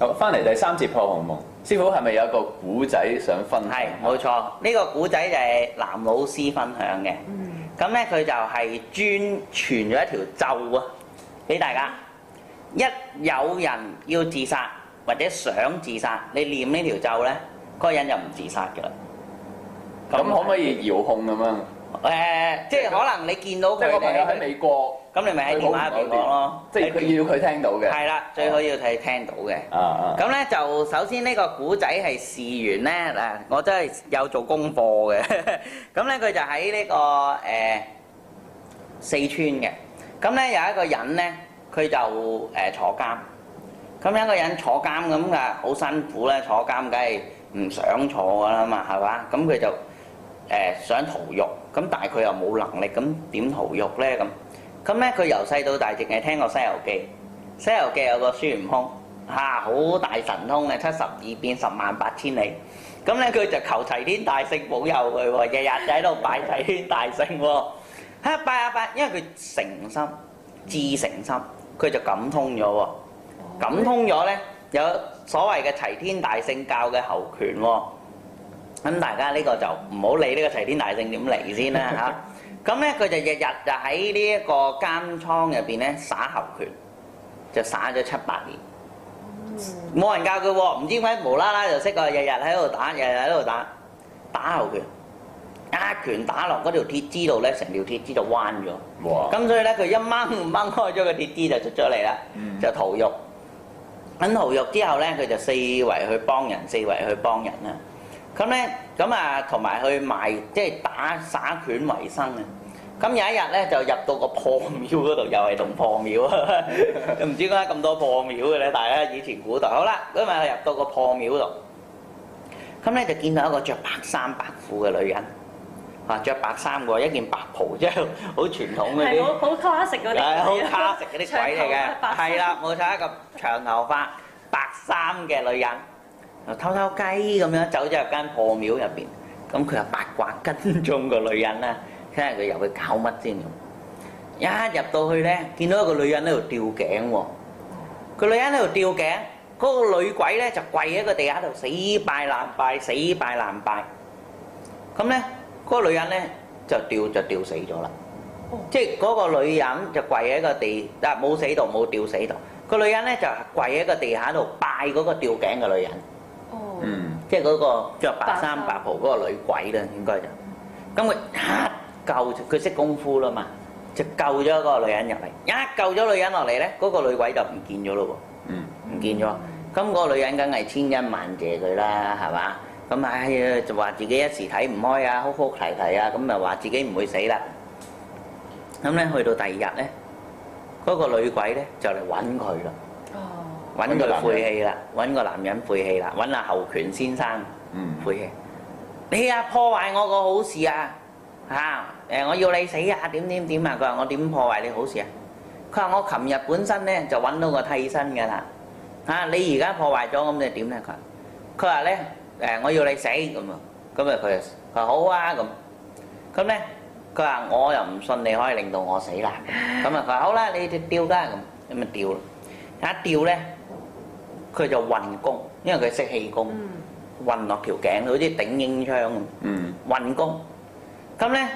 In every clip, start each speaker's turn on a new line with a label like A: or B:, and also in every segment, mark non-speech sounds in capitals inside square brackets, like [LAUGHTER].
A: 好，翻嚟、哦、第三節破鴻蒙？師傅係咪有個古仔想分享？係，冇錯，呢、這個古仔就係南老師分享嘅。咁咧、嗯，佢就係專傳咗一條咒啊，俾大家。一有人要自殺或者想自殺，你念呢條咒咧，嗰個人就唔自殺㗎啦。
B: 咁、嗯、可唔可以遙控
A: 咁樣？誒，即係可能你見到，佢個朋友喺美國，咁你咪喺電話入邊講咯。即係佢要佢聽到嘅，係啦，最好要佢聽到嘅。啊，咁咧就首先呢個古仔係試完咧嗱，我真係有做功課嘅。咁咧佢就喺呢個誒四川嘅，咁咧有一個人咧，佢就誒坐監，咁樣一個人坐監咁啊，好辛苦咧，坐監梗係唔想坐㗎啦嘛，係嘛？咁佢就誒想逃獄。咁但係佢又冇能力，咁點逃肉逃獄呢？咁咁咧，佢由細到大淨係聽過西《西遊記》，《西遊記》有個孫悟空，嚇、啊、好大神通嘅，七十二變，十萬八千里。咁咧佢就求齊天大聖保佑佢喎，日日就喺度拜齊天大聖喎。嚇，拜啊拜，因為佢誠心，至誠心，佢就感通咗喎。感通咗咧，有所謂嘅齊天大聖教嘅猴拳喎。咁大家呢個就唔好理呢個齊天大聖點嚟先啦嚇。咁咧佢就日日就喺呢一個監倉入邊咧耍猴拳，就耍咗七八年。冇人教佢喎，唔知點解無啦啦就識個，日日喺度打，日日喺度打，打猴拳。一拳打落嗰條鐵枝度咧，成條鐵枝就彎咗。咁所以咧佢一掹掹開咗個鐵枝就出咗嚟啦，就逃獄。咁逃獄之後咧，佢就四圍去幫人，四圍去幫人啦。咁咧，咁啊，同埋去賣即係打耍拳為生啊！咁有一日咧，就入到個破廟嗰度， [LAUGHS] 又係同破廟啊！唔 [LAUGHS] 知點解咁多破廟嘅咧？大家以前古代好啦，咁咪入到個破廟度。咁咧就見到一個着白衫白褲嘅女人，啊，著白衫喎，一件白袍，即係好傳統嗰啲。係，
B: 好 classic 嗰啲。係，好 classic 嗰啲鬼嚟嘅。係啦，
A: 冇錯一個長頭髮白衫嘅女人。 [LAUGHS] [LAUGHS] 偷偷雞咁樣走咗入間破廟入邊，咁佢又八卦跟蹤個女人啦。睇下佢又會搞乜先？一入到去咧，見到一個女人喺度吊頸喎。個女人喺度吊頸，嗰、個女鬼咧就跪喺個地下度死拜爛拜，死拜爛拜。咁咧，嗰個女人咧就吊就吊死咗啦。哦、即係嗰個女人就跪喺個地，但、啊、冇死到，冇吊死到。個女人咧就跪喺個地下度拜嗰個吊頸嘅女人。嗯，即係嗰、嗰個著白衫白袍嗰個女鬼啦，嗯、應該就，咁佢一救，佢識功夫啦嘛，就救咗個女人入嚟，一、啊、救咗女人落嚟咧，嗰、嗰個女鬼就唔見咗咯喎，唔、嗯、見咗，咁、嗰、嗰個女人梗係千恩萬謝佢啦，係嘛？咁啊，就話自己一時睇唔開啊，哭哭啼啼啊，咁咪話自己唔會死啦。咁咧，去到第二日咧，嗰、嗰個女鬼咧就嚟揾佢啦。
B: 揾個晦氣
A: 啦！揾個男人晦氣啦！揾阿侯權先生晦氣。你啊破壞我個好事啊！吓，誒，我要你死啊！點點點啊！佢話我點破壞你好事啊？佢話我琴日本身咧就揾到個替身㗎啦！吓，你而家破壞咗咁，你點咧？佢佢話咧誒，我要你死咁啊！咁啊，佢佢話好啊咁咁咧。佢話我又唔信你可以令到我死啦。咁啊，佢話好啦，你就吊㗎咁，咁咪吊啦。一吊咧～佢就運功，因為佢識氣功，嗯、運落條頸，好似頂英槍咁，嗯、運功。咁咧，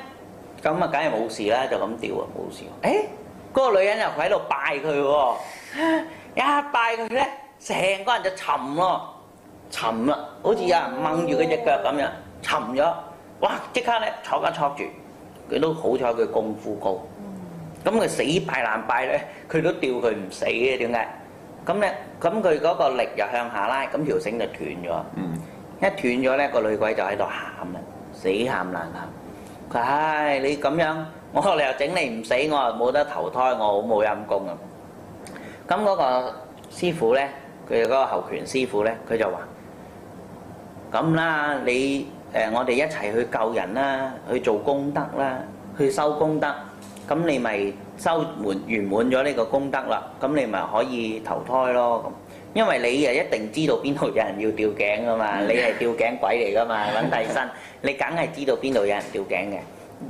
A: 咁啊，梗係冇事啦，就咁吊啊，冇事。誒、欸，嗰、嗰個女人又喺度拜佢喎、哦，一拜佢咧，成個人就沉咯，沉啦，好似有人掹住佢隻腳咁樣，沉咗。哇！即刻咧，坐一挫住，佢都好彩，佢功夫高。咁佢、嗯、死拜爛拜咧，佢都吊佢唔死嘅，點解？咁咧，咁佢嗰個力又向下拉，咁條繩就斷咗。嗯、一斷咗咧，個女鬼就喺度喊啦，死喊爛喊。佢唉、哎，你咁樣，我你又整你唔死，我又冇得投胎，我好冇陰功啊！咁嗰個師傅咧，佢嗰個猴拳師傅咧，佢就話：咁啦，你誒、呃，我哋一齊去救人啦，去做功德啦，去修功德。咁你咪修完圓滿咗呢個功德啦，咁你咪可以投胎咯咁。因為你誒一定知道邊度有人要吊頸噶嘛，你係吊頸鬼嚟噶嘛，揾替身，你梗係知道邊度有人吊頸嘅。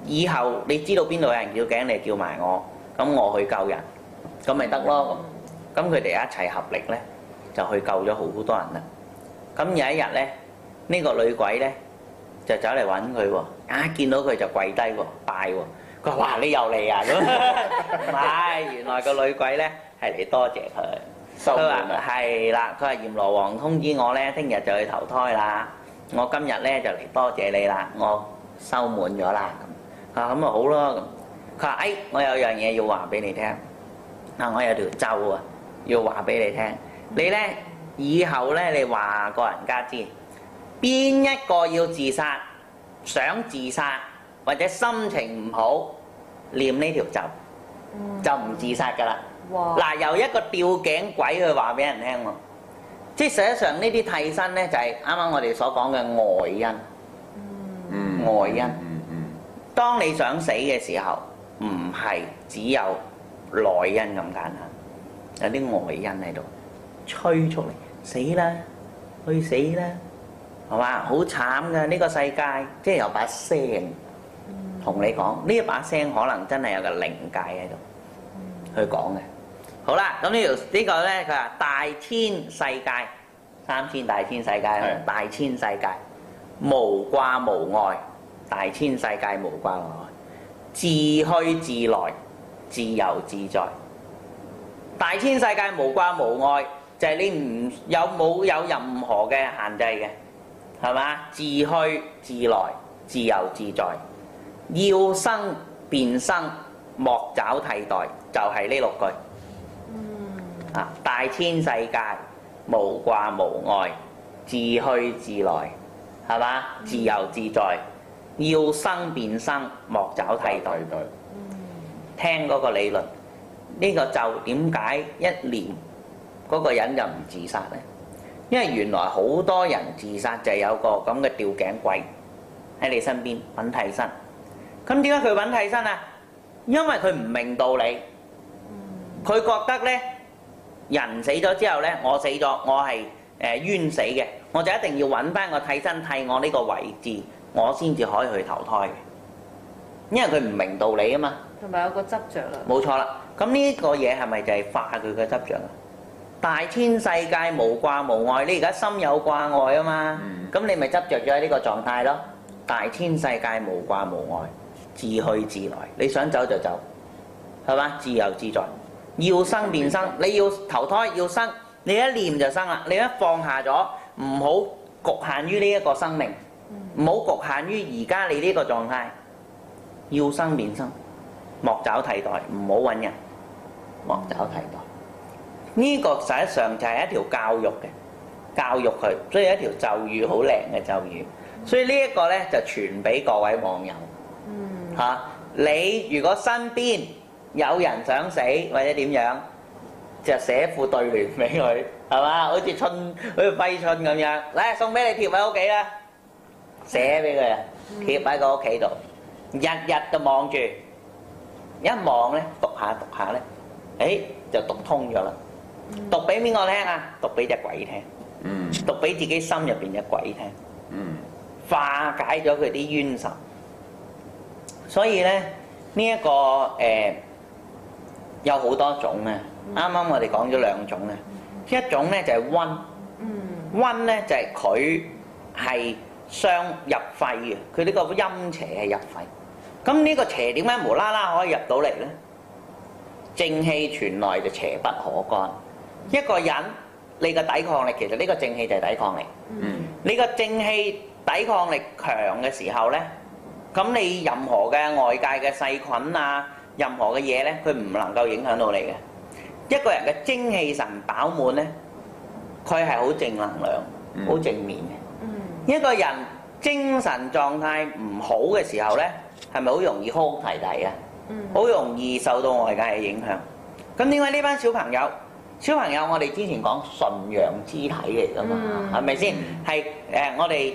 A: 以後你知道邊度有人吊頸，你叫埋我，咁我去救人，咁咪得咯咁。咁佢哋一齊合力咧，就去救咗好多人啦。咁有一日咧，呢個女鬼咧就走嚟揾佢喎，一見到佢就跪低喎，拜喎。佢話：你又嚟啊！咁唔係，原來個女鬼咧係嚟多謝佢。佢話：係啦，佢話閻羅王通知我咧，聽日就去投胎啦。我今日咧就嚟多謝你啦，我收滿咗啦。啊，咁咪好咯咁。佢話：哎，我有樣嘢要話俾你聽。嗱，我有條咒啊，要話俾你聽。你咧以後咧，你話個人家知邊一個要自殺，想自殺。或者心情唔好，念呢條咒就唔自殺㗎啦。嗱哇，由一個吊頸鬼去話俾人聽喎。即係實際上呢啲替身咧，就係啱啱我哋所講嘅外因。嗯，外因。嗯嗯。當你想死嘅時候，唔係只有內因咁簡單，有啲外因喺度吹出嚟，死啦，去死啦，係嘛？好慘㗎！呢個世界即係有把聲。同你講呢一把聲，可能真係有個靈界喺度去講嘅。好啦，咁呢條呢個咧，佢話大千世界三千大千世界，大千世界無掛無礙，大千世界無掛無礙，自去自來，自由自在。大千世界無掛無礙，就係你唔有冇有任何嘅限制嘅，係嘛？自去自來，自由自在。要生便生，莫找替代，就係呢六句。
B: 嗯，
A: 啊，大千世界無掛無礙，自去自來，係嘛？自由自在，要生便生，莫找替代。嗯，聽嗰個理論，呢個就點解一念嗰個人就唔自殺呢？因為原來好多人自殺就係有個咁嘅吊頸鬼喺你身邊揾替身。咁點解佢揾替身啊？因為佢唔明道理，佢覺得呢人死咗之後呢，我死咗，我係誒冤死嘅，我就一定要揾翻個替身替我呢個位置，我先至可以去投胎嘅。因為佢唔明道理啊嘛，同埋
B: 有個執著啦，
A: 冇錯啦。咁呢個嘢係咪就係化佢嘅執著啊？大千世界無掛無礙，你而家心有掛礙啊嘛，咁你咪執著咗呢個狀態咯。大千世界無掛無礙。自去自來，你想走就走，係嘛？自由自在，要生便生。你要投胎要生，你一念就生啦。你一放下咗，唔好局限於呢一個生命，唔好局限於而家你呢個狀態。要生便生，莫找替代，唔好揾人，莫找替代。呢個實際上就係一條教育嘅，教育佢，所以一條咒語好靚嘅咒語。所以呢一個呢，就傳俾各位網友。嚇、啊！你如果身邊有人想死或者點樣，就寫副對聯俾佢，係嘛？好似春好似揮春咁樣，嚟、哎、送俾你貼喺屋企啦，寫俾佢啊，貼喺個屋企度，日日都望住，一望咧讀下讀下咧，誒、哎、就讀通咗啦。嗯、讀俾邊個聽啊？讀俾隻鬼聽，讀俾自己心入邊隻鬼聽，化解咗佢啲冤仇。所以咧，呢、這、一個誒、呃、有好多種咧。啱啱我哋講咗兩種咧，一種咧就係瘟。嗯、瘟咧就係佢係相入肺嘅，佢呢個陰邪係入肺。咁呢個邪點解無啦啦可以入到嚟咧？正氣存內就邪不可干。一個人你個抵抗力其實呢個正氣就係抵抗力。你個正氣抵抗力強嘅、嗯、時候咧？咁你任何嘅外界嘅細菌啊，任何嘅嘢咧，佢唔能夠影響到你嘅。一個人嘅精氣神飽滿咧，佢係好正能量，好、嗯、正面嘅。嗯、一個人精神狀態唔好嘅時候咧，係咪好容易哭啼啼啊？好、嗯、容易受到外界嘅影響。咁點解呢班小朋友？小朋友我、呃，我哋之前講純陽之體嚟噶嘛，係咪先？係誒，我哋。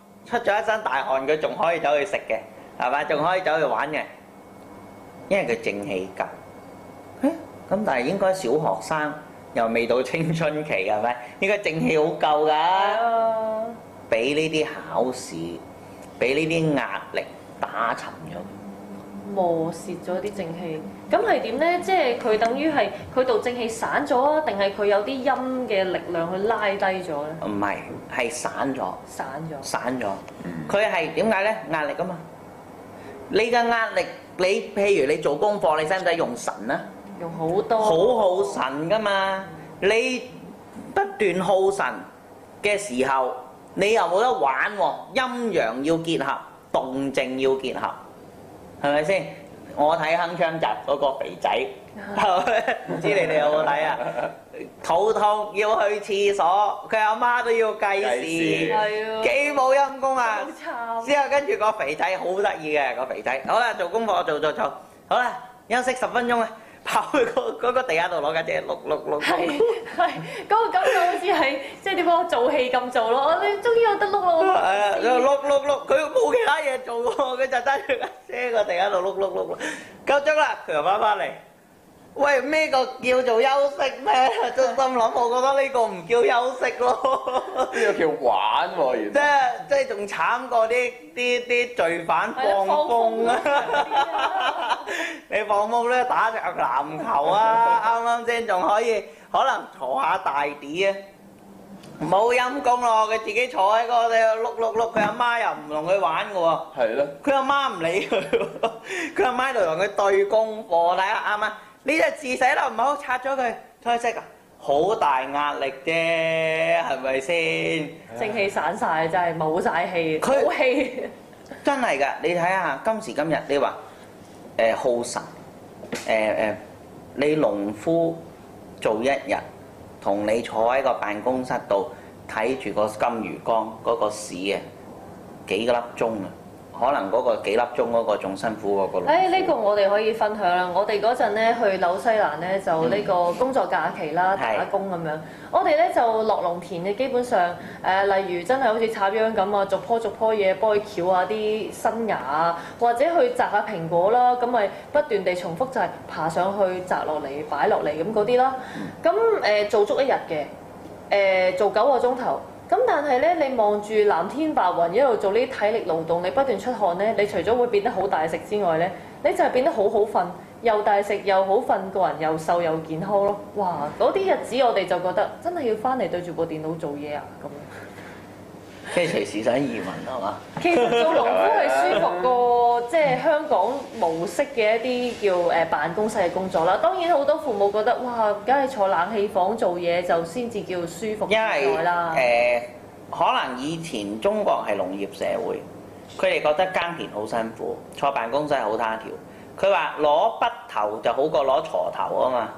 A: 出咗一身大汗，佢仲可以走去食嘅，係咪？仲可以走去玩嘅，因為佢正氣夠。咁、欸、但係應該小學生又未到青春期，係咪？應該正氣好夠噶，俾呢啲考試，俾呢啲壓力打沉咗。磨蝕咗啲正氣，
B: 咁係點呢？即係佢等於係佢度正氣散咗啊，定係佢有啲陰嘅力量去拉低咗呢？唔
A: 係，係散咗。散咗。散咗。嗯。佢係點解呢？壓力啊嘛。你嘅壓力，你譬如你做功課，你使唔使用神啊？用好多。好耗神㗎嘛，你不斷耗神嘅時候，你又冇得玩喎。陰陽要結合，動靜要結合。係咪先？我睇《鏗鏘集》嗰個肥仔，唔 [LAUGHS] 知你哋有冇睇啊？肚痛要去廁所，佢阿媽都要計時，幾冇陰功啊！之 [MUSIC] 後跟住個肥仔好得意嘅，個肥仔，好啦，做功課做做做，好啦，休息十分鐘啊！跑去嗰個地下度攞架遮碌碌碌碌，係係，
B: 嗰個感覺好似係，即係點講，做戲咁做咯。你
A: 終於有得碌咯，係，碌碌碌，佢冇其他嘢做喎，佢就單住架個地下度碌碌碌。夠鐘啦，佢又翻返嚟。喂，咩個叫做休息咩？真心諗，我覺得呢個唔叫休息咯。呢個叫玩喎，原來。即係即係仲慘過啲啲啲罪犯放風啊！你放屋咧打隻籃球啊，啱啱先仲可以，可能坐下大啲啊，冇陰功咯。佢自己坐喺個度碌碌碌，佢阿媽又唔同佢玩嘅喎。係咯，佢阿媽唔理佢，佢阿媽度同佢對功課。睇下啱啊，呢隻字寫得唔好，擦咗佢，褪色啊，好大壓力啫，係咪先？正氣
B: 散晒，真係冇晒氣，佢好氣。
A: 真係噶，你睇下今時今日，你話。誒耗、呃、神，誒、呃、誒、呃，你農夫做一日，同你坐喺個辦公室度睇住個金魚缸嗰、嗰個屎嘅，幾粒鐘啊！可能嗰個幾粒鐘嗰個仲辛苦過個。誒呢、哎呢
B: 個我哋可以分享，我哋嗰陣咧去紐西蘭咧就呢個工作假期啦，嗯、打工咁樣。我哋咧就落農田嘅，基本上誒、呃，例如真係好似插秧咁啊，逐棵逐棵嘢幫佢翹下啲新芽啊，或者去摘下蘋果啦，咁咪不斷地重複就係爬上去摘落嚟擺落嚟咁嗰啲啦。咁誒、嗯呃、做足一日嘅，誒、呃、做九個鐘頭。咁但係咧，你望住藍天白雲一路做呢啲體力勞動，你不斷出汗咧，你除咗會變得好大食之外咧，你就係變得好好瞓，又大食又好瞓，個人又瘦又健康咯。哇！嗰啲日子我哋就覺得真係要翻嚟對住部電腦做嘢啊咁。
A: 即係隨時想移民，係嘛？其實做農夫係舒服過
B: 即係 [LAUGHS] 香港模式嘅一啲叫誒辦公室嘅工作啦。當然好多父母覺得哇，梗係坐冷氣房做嘢就先至叫舒服，自在啦。誒、
A: 呃，可能以前中國係農業社會，佢哋覺得耕田好辛苦，坐辦公室好攤條。佢話攞筆頭就好過攞鋤頭啊嘛。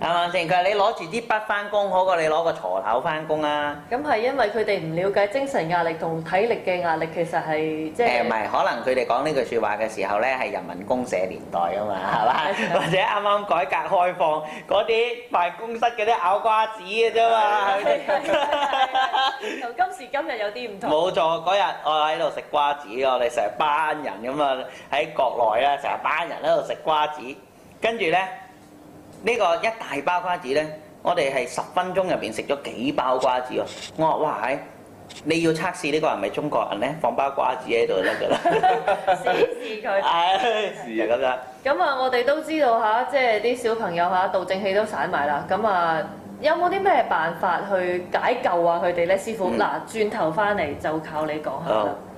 A: 啱啱？淨佢話你攞住啲筆翻工，好過你攞個鋤頭翻工啊！
B: 咁係因為佢哋唔了解精神壓力同體力嘅壓力，其實係即係誒唔係？
A: 可能佢哋講呢句説話嘅時候咧，係人民公社年代啊嘛，係嘛？是是或者啱啱改革開放嗰啲辦公室嗰啲咬瓜子嘅啫嘛，同
B: [LAUGHS] 今時今日有啲唔同。冇
A: 錯，嗰日我喺度食瓜子，我哋成班人咁啊喺國內啊，成班人喺度食瓜子，跟住咧。呢個一大包瓜子咧，我哋係十分鐘入邊食咗幾包瓜子啊。我話哇，你要測試呢個係咪中國人咧，放包瓜子喺度就得㗎
B: 啦，
A: 試試佢係啊，咁樣。
B: 咁啊，我哋都知道嚇、啊，即係啲小朋友嚇，道正氣都散埋啦。咁啊，有冇啲咩辦法去解救啊佢哋咧？師傅，嗱、嗯，轉頭翻嚟就靠你講嚇啦。嗯，好好。